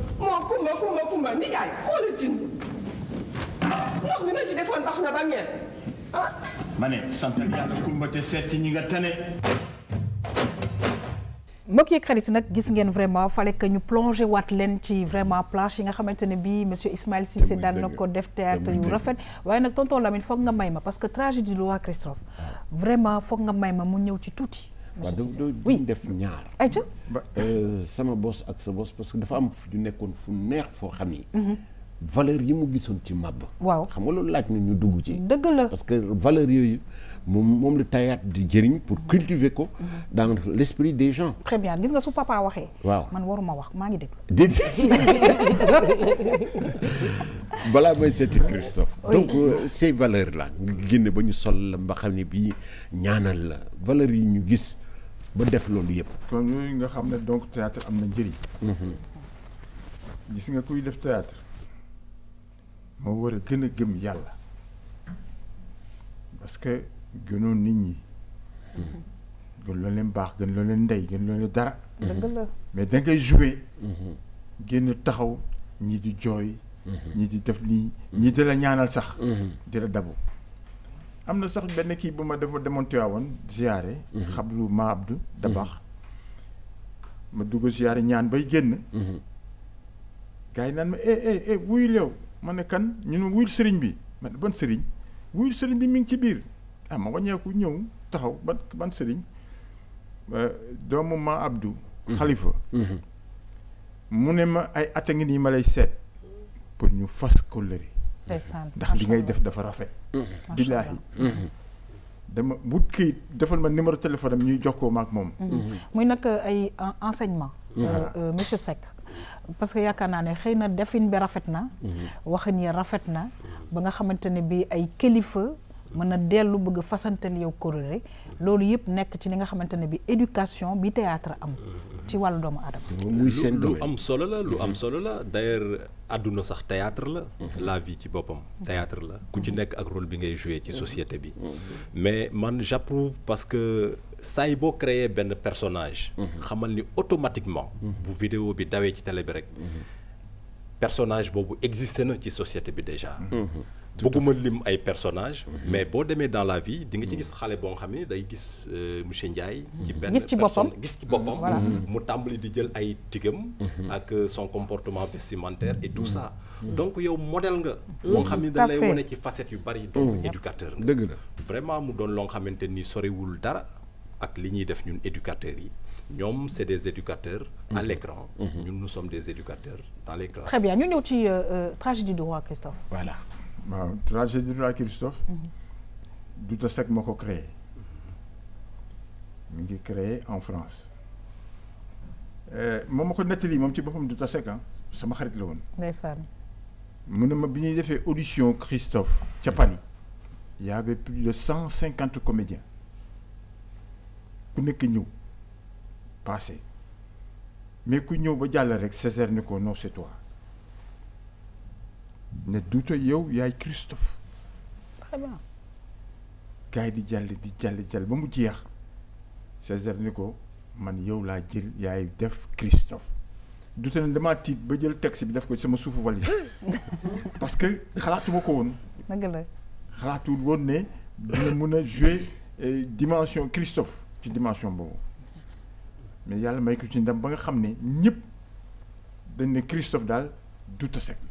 kumba kumba kumba kumba ndi yaay xoolal cin ndox mi ma ci defoon baax na ba ngeen ah. ma ne santal yàlla kumba te seet ni ñi nga tane. mbokk yeeg xarit gis ngeen vraiment fallait que ñu plongé wat leen ci vraiment plage yi nga xamante bi monsieur Ismaël Cissé dan na ko def théâtre yu rafet way nak tonton Lamine foog nga may ma parce que tragédie du roi Christophe vraiment foog nga may ma mu ñëw ci touti waaw du ñu def ñaar euh, sama boss ak sa boss parce que dafa am fu ñu fu neex fo xamni mhm. valeur yi mu gisoon ci màbb waaw xam nga loolu laaj na ñu dugg ci dëgg la parce que valeur yooyu mom moom la taayaat di jëriñ pour mhm. cultiver ko mhm. dans l'esprit des gens très bien gis nga su papa waxee man waruma wax ma ngi déglu dégg balaa may Christophe donc euh, ces valeurs là nga bañu sol la ba xamni bi ñaanal la valeur yi ñu gis ba def loolu yëpp. kon yooyu nga xam donc théâtre am na njëriñ. Mhm. gis nga kuy def théâtre moo war a gën gëm parce que gënoon nit ñi. Mhm. gën loo leen baax gën loo leen ndey gën mais da ngay joué. Mhm. génn taxaw ñii di jooy. ñii di def di la ñaanal amna sax ben ki buma ma dafa demoon Tiwaawoon mhm. ma Abdou, dabax mhm. ma dugg ziaré ñaan bay génn mhm. gaay nan ma eh eh eh wuyul yow ma kan ñu wuyul sëriñ bi ma ban wuyul sëriñ bi mi ci biir ah ma wañeeku ñew taxaw ban ban sëriñ euh, doomu ma Khalifa, ma ay ma pour ñu fas ndax li ngay def dafa rafet mhm. billaahi mhm. dama wut kii defal ma numéro téléphone am ñuy jox ko maak moom mhm. muy nak euh, ay euh, enseignement euh, monsieur sec parce que yakana ne xeyna na defin bi rafet na waxin yi rafet na ba nga xamante bi ay kilifa mën a bëgg fasantal yow kóllëre loolu yëpp nekk ci li nga xamante bi éducation bi théâtre am ci wàllu doomu aadama. muy seen lu am solo la lu am mhm. solo la d'ailleurs aduna sax théâtre la. Mhm. la vie ci bopam théâtre la ku ci mhm. nek ak rôle bi ngay jouer ci société bi. mais man j'approuve parce que saay boo créer ben personnage. xamal ni automatiquement. bu vidéo bi dawee ci télé bi rek. personnage bobu existé na ci société bi déjà beaucoup lim ay personnages. Mhm. mais dans la vie di nga ci gis xalé bo day gis euh, monsieur ci mhm. ben qui ci mhm. mu di euh, son comportement vestimentaire et tout ça. donc yow modèle nga. lay ci éducateur vraiment mu ni dara ak éducateurs yi. c'est des éducateurs à l'écran ñun nous sommes des éducateurs dans les classes. très bien ñu ñëw ci euh, tragédie du roi Christophe. voilà waaw tragédie de la Christophe mhm. Douta Seck moo ko créé mu ngi créé en France eh, moom ma ko nettali moom ci boppam Douta Seck ah sama xarit la woon ndeysaan mu ne ma bi ñuy defee audition Christophe ca Paris il y avait plus de 150 cinquante comédiens ku nekk ñëw passé mais ku ñëw ba jàll rek Césaire ne ko non c'est toi ne doute yow yaay Christophe. très bien. gars di jàll di jàll jall ba mu jeex Césaire ni ko man yow laa jël yaay def Christophe. doute ne dama tiit ba jël texte bi def ko sama suufu parce que xalaatuma ko woon. dëgg la xalaatul woon ne dina mun a jouer eh, dimension Christophe ci dimension boobu mais yàlla may ko ci ndam ba nga xam ne ñëpp dañ ne Christophe daal duuta sekk.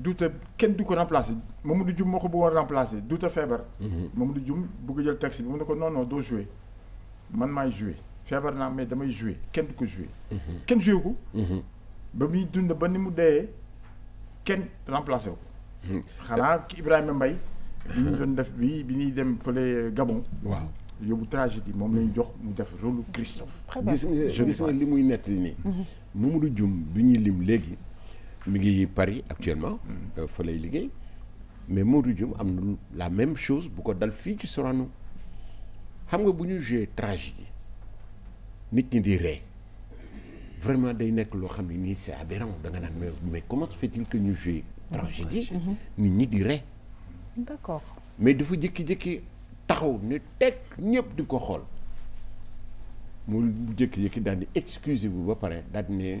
doute ken du remplacer Mamadou djum moo ko bëggoon remplacer doute feebar. Mhm. Mamadou djum bëgg jël taxi bi mu ko non non do jouer man may jouer feebar na mais damay jouer ken du ko jouer. Mhm. ken jouer ko. Mhm. ba muy dund ba ni mu dee kenn remplacer ko. xanaa Ibrahima mbay bi ñu doon def bi bi ñuy dem fele Gabon. waaw yóbbu tragédie mom lañ jox mu def rôle Christophe. gis nga gis nga li muy nettali nii. Mamadou djum bi ñuy lim léegi mi Paris actuellement. Mm. Euh, fa lay liggéey mais Modou Dioum am la même chose bu ko dal fii ci Sorano xam nga bu ñu tragédie nit ñi di ree vraiment day nekk loo xam ne nii c'est aberrant da nga mais comment se fait-il que ñu j'ai tragédie mm-hmm. Mm-hmm. nit ñi di ree d'accord mais dafa jékki-jékki taxaw ne teg ñëpp di ko xool mu jékki-jékki daal di excuse bu ba pare daal di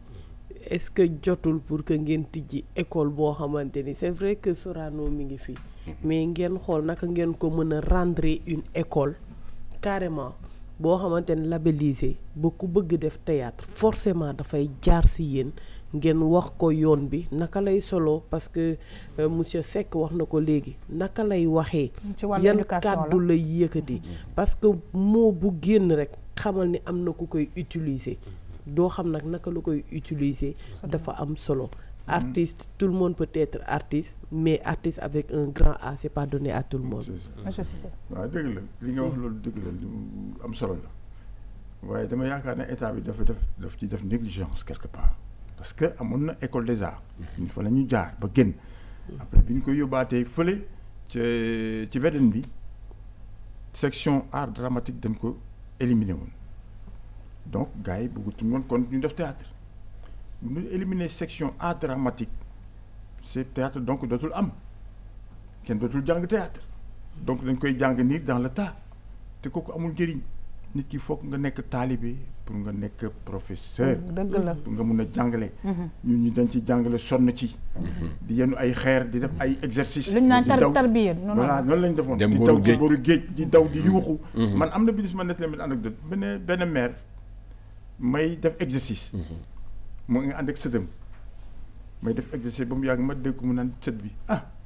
est-ce que jotul pour que ngeen tijji école boo xamante ni c'est vrai que Sorano mu ngi fi. Mhm. mais ngeen xool naka ngeen ko mën a rendre une école carrément boo xamante ni labellisé ba ku bëgg def théâtre forcément dafay jaar si yéen ngeen wax ko yoon bi naka lay solo parce que euh, monsieur Seck wax na ko léegi naka lay waxee. yan kàddu lay yëkkati. Mhm. parce que mot bu génn rek xamal ni am na ku koy utiliser. do xam nak naka lu koy utiliser dafa am solo mm. artiste tout le monde peut être artiste mais artiste avec un grand A c'est pas donné à tout le monde waaw dëgg la li nga wax mm. lolou dëgg la am solo la waye dama yaakaar état bi dafa def daf ci def négligence quelque part parce que amoon na école des arts il mm-hmm. fallait la ñu jaar ba genn après bi ñu koy yóbbaatee fële ci ci weden bi section art dramatique dañ ko éliminé donc gars yi bëggatuñ woon kon ñu def théâtre ñu éliminer section art dramatique c'est théâtre donc dootul am kenn dootul jàng théâtre donc dañ koy jang nii dans l'état tas te kooku amul njëriñ nit ki fokk nga nekk talibé pour nga nekk professeur. Mm, dëgg la pour nga mun a jàngale. Mm-hmm. ñun ñu dañ ci jàngale sonn ci. Mm-hmm. di yenu ay xeer di def ay exercices. luñ naan tar tarbiya non la noonu lañ defon di taw ci boru geej di daw di yuxu mm-hmm. man amna na bis ma nettali benn anecdote benn ben mère may def exercice. Mhm. mu ngi ànd ak sëtam may def exercice ba mu yàgg ma dégg mu naan sët bi ah.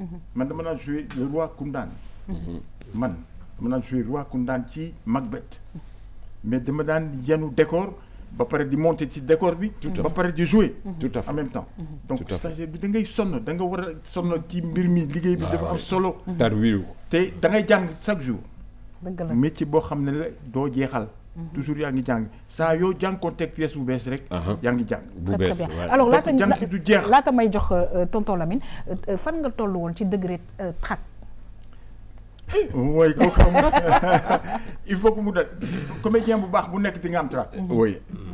Mm-hmm. man dama naan joué le roi Koundaan. Mm-hmm. man dama naan joué roi Koundaan ci Macbeth. mais dama daan yenu décor ba pare de monter ci décor bi. ba pare di jouer. Mm-hmm. tout à fait en même temps. donc stagiaire bi da ngay sonn da nga war a sonn ci mbir mi liggéey bi ah dafa am solo. te da ngay jàng chaque jour. dëgg la métier boo xam ne la doo jeexal. Mhm. toujours yangi jang sa yo jang pièce ou baisse. rek. yangi jang alors là jox euh, tonton Lamine euh, euh, fan nga ci degré oui il faut que comédien bu mhm. oui. Mm.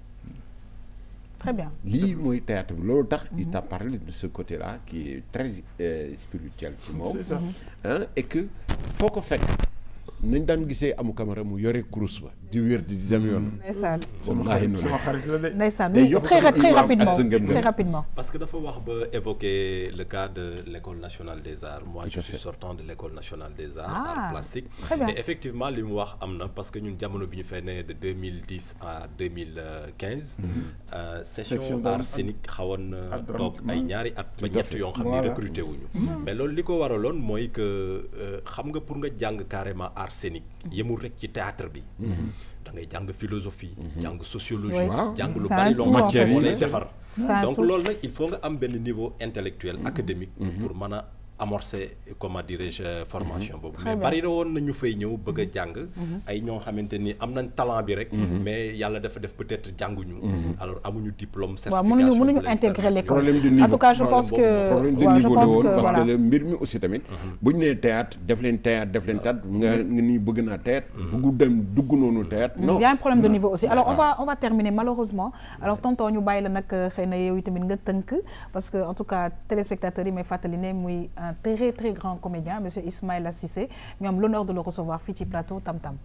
très bien il mhm. t'a parlé de ce côté là qui est très euh, spirituel c'est ça mhm. hein, et que nous qu'on du wér di dem yoon. Mm. ndeysaan sama xarit la de. ndeysaan très très rapidement très rapidement. parce que dafa wax ba évoquer le cas de l'école nationale des arts. moi je suis sortant de l'école nationale des arts. Ah, arts plastiques et effectivement limu wax amna parce que ñun jamono bi ñu fay ne de 2010 à 2015. Mm-hmm. euh, session arts scénique xawoon euh, ah, top ay mm-hmm. ñaari at ba ñett yo xamni ni recruter wuñu mm-hmm. mais loolu liko waralon moy que euh, xam nga pour nga jang carrément arts scénique. yëmul rek ci théâtre bi mhm. da ngay jàng philosophie mhm. jàng sociologie jàng lu bari loo matière yi lay defar donc loolu nag il faut nga am benn niveau intellectuel mhm. académique pour mën a amorcé comment dirais-je formation mais bari na woon nañu fay ñëw bëgg a jàng mhm. ay ño xamanteni am nañ talent bi rek mhm. mais yalla dafa def peut-être jànguñu mhm. alors amuñu diplôme certification waaw mënuñu mënuñu intégrer l'école en tout cas je pense que problème de niveau la woon parce que mbir mi aussi tamit buñ né théâtre def leen théâtre def leen théâtre nga ni bëgg na théâtre bëggu dem dugg noonu théâtre non il y a un problème de niveau aussi alors on ah. va on va terminer malheureusement alors tonton ñu bàyyi la nag euh, xëy na yow tamit nga teunk parce que en tout cas téléspectateurs yi may fàttali muy très très grand comédien monsieur Ismaël Cissé nous am l'honneur de le recevoir Fiti plateau Tam Tam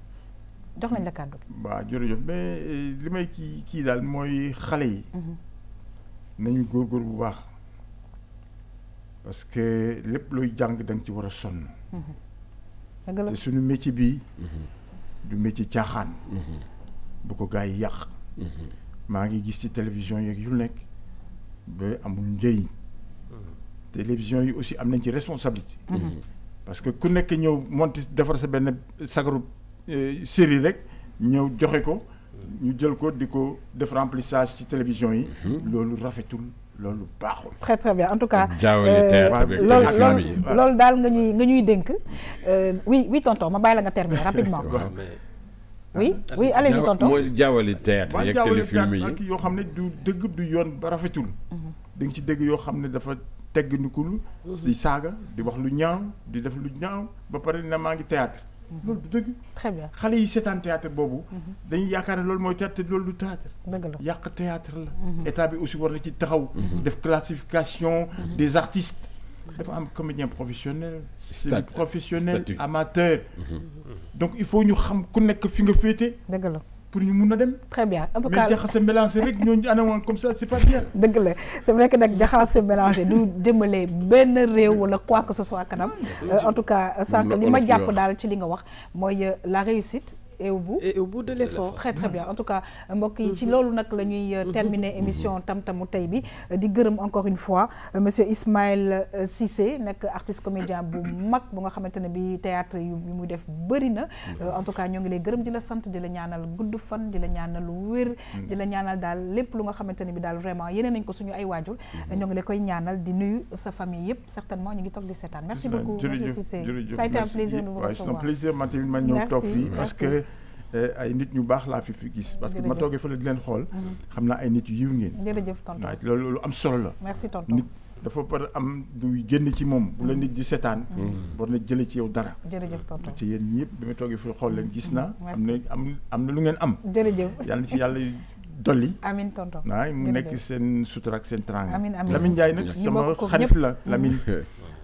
jox nañ la cadre waaw jërëjëf mais euh, li may qui kii daal mooy xale yi mhm. nañu góorgóor bu parce que lépp luy jàng da nga ci war a sonn mhm. te suñu métier bii mhm. du métier caaxaan bu ko mais yi yàq maa ngi gis ci télévision yeeg yu nekk ba amul njëriñ télévision yi aussi am nañ ci responsabilité. Mhm. Mhm. parce que ku nekk ñëw monti defar sa benn sagaru euh, série rek ñëw joxe ko. ñu jël ko di ko def remplissage ci télévision yi. Mhm. loolu rafetul loolu baaxul. très très bien en tout cas. Euh, loolu loolu daal nga ñuy nga ñuy dénk. Euh, oui oui tonton ma bàyyi la nga terminer rapidement. oui oui ah, allez-y tonton mooy jaawali théâtre yeeg téléfilm yi yoo xam ne du dëgg du yoon ba rafetul. da nga ci dégg yoo xam ne dafa tegginikul di saga di wax lu di def lu na théâtre mhm. très bien xalé yi un théâtre bobu mhm. dañuy théâtre du théâtre. yak théâtre la. Mhm. état bi aussi war ci taxaw. def classification des artistes. dafa am comédien professionnel. c'est professionnel amateur. donc il faut ñu xam ku nekk fi pour ñu mun dem. très bien en tout cas mais jaxase mélanger rek ñooñu anam comme ça c'est pas bien. dëgg la c'est vrai que nag jaxase mélanger du jëmale ben réew wala quoi que ce soit kanam ah, euh, en tout cas sank li ma japp dal ci li nga wax moy euh, la réussite et au bout et au bout de l'effort très très bien en tout cas mbok yi ci mhm. loolu nak lañuy euh, mhm. terminer mhm. émission tam tamou tay bi di gëreum encore une fois euh, monsieur Ismaël euh, Cissé nek artiste comédien bu mag bu nga xamante bi théâtre yu muy def bëri na en tout cas ñoo ngi lay gëreum di la sant di la ñaanal gudd fan di la ñaanal wër di la ñaanal dal lepp lu nga xamante bi dal vraiment yene nañ ko suñu ay waajur ñoo ngi lay koy ñaanal di nuyu sa famille yëpp certainement ñu ngi tok di seetaan merci beaucoup monsieur Cissé ça a été un plaisir de vous recevoir c'est un plaisir Mathilde ma ñëw tok fi parce que Euh, ay nit ñu baax laa fi fi gis. parce que ma toogee fële di leen xool. Mhm. xam naa ay nit yu yiw ngeen. jërëjëf tonton loolu loolu am solo la. merci tonton nit dafa par am du génn ci moom bu la mhm. nit di seetaan. Mhm. war na jëlee ci yow dara. jërëjëf tonton te yéen ñëpp bi ma toogee fii xool leen gis naa. am ne am am na lu ngeen am. jërëjëf yàlla ci yàlla. dolli amin tonton waay mu nekk seen sutura ak seen trang Lamine Ndiaye nag sama xarit la Lamine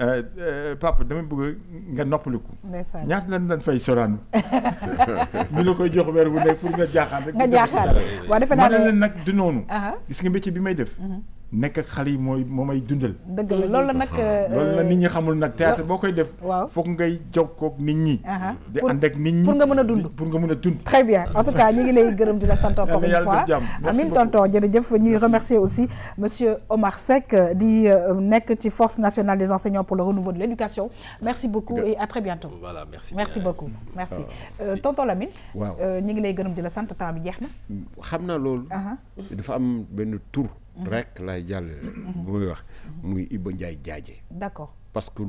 Euh, euh, papa dama bëgg nga noppaliku. ndeysaan ñaata lan lan fay Sorano. ñu la koy jox weer bu nekk pour nga jaaxaan rek. nga jaaxaan waaw defe naa ne nag du noonu. gis nga métier bi may def. Mhm. nek ak xale yi mooy dundal. dëgg la loolu la nag. Euh, la nit ñi xamul nak théâtre bokoy def. waaw ngay jokkoo ko nit ñi. di and ak nit ñi pour nga mëna dund. pour nga mëna a dund. très bien en tout cas ñi ngi lay gëreum di la sant encore une fois amin jere jërëjëf ñuy remercier aussi monsieur Omar Seck euh, di euh, nek ci force nationale des enseignants pour le renouveau de l'éducation merci beaucoup et à très bientôt. voilà merci merci beaucoup merci. Ah, tonton Lamine. ñi ngi lay gëreum di la sant temps bi jeex xamna xam dafa am ben tour Mmh. rek lay jàllale. bu muy wax mmh. muy Iba Ndiaye Jaaje. d'accord parce que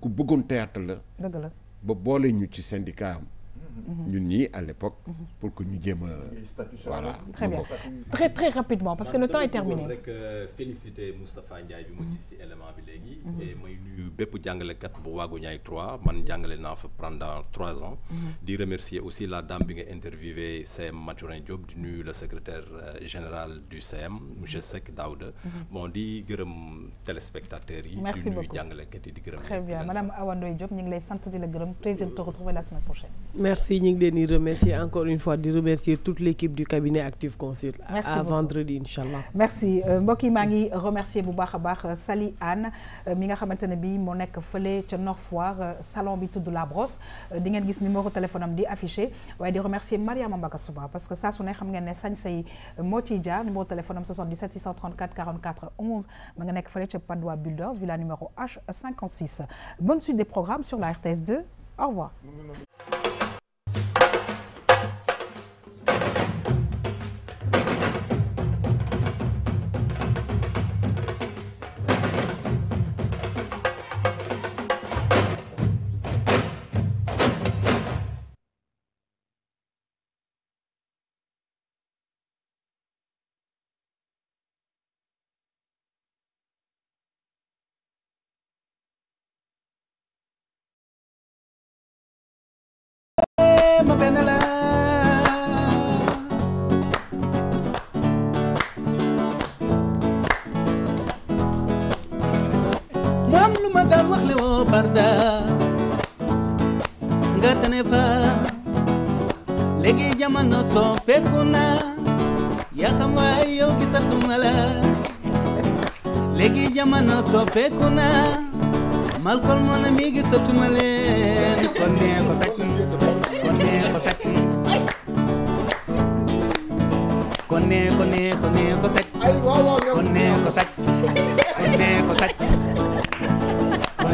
ku bëggoon théâtre la. dëgg la ba boole ñu ci syndicat am. Mhm. ñun ñi à l'époque mhm. pour que ñu jéem voilà très bien très très rapidement parce que le temps est terminé rek euh, féliciter Moustapha Ndiaye bi ma gis ci élément bi légui mhm. et may nuyu bépp kat bu waagu ñay 3 man jàngale na fa pendant trois ans di remercier aussi la dame bi nga interviewé CM Mathurin Diop di nuyu le secrétaire euh, général du CM monsieur Sek Daoude bon di gërëm téléspectateurs yi di nuyu jàngalekat di gërëm très bien madame Awa Diop ñu ngi lay sant di la gërëm plaisir de te euh, retrouver la semaine prochaine merci merci ñu ngi remercier encore une fois de remercier toute l'équipe du cabinet Active Consult. merci à vendredi Inch'Allah. merci euh, Moki yi ngi remercier bu euh, Anne euh, mi nga xamante ne bii moo nekk fële ca Foire salon bi de La Brosse di gis numéro de téléphone affiché waaye di remercier Mariama Mbaka parce que ça, son ne xam ngeen ne sañ numéro de téléphone 77 634 44 11 ma nga nekk fële ca Builders villa numéro H56 bonne suite des programmes sur la RTS2 au revoir. ma bene là ndam lu ma daan wax le woo barda nga tane fa léegi jamono soppeeku na yaa xam waay yow gisatuma la léegi jamono soppeeku na malkol mon ami gisatuma leen kon nee ko sax こねこねこねこせこねこせこねこねこねこ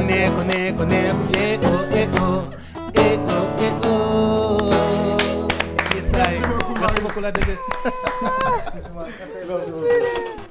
ねこねこえおえおえおえお Yes, right. Gracias por la belleza.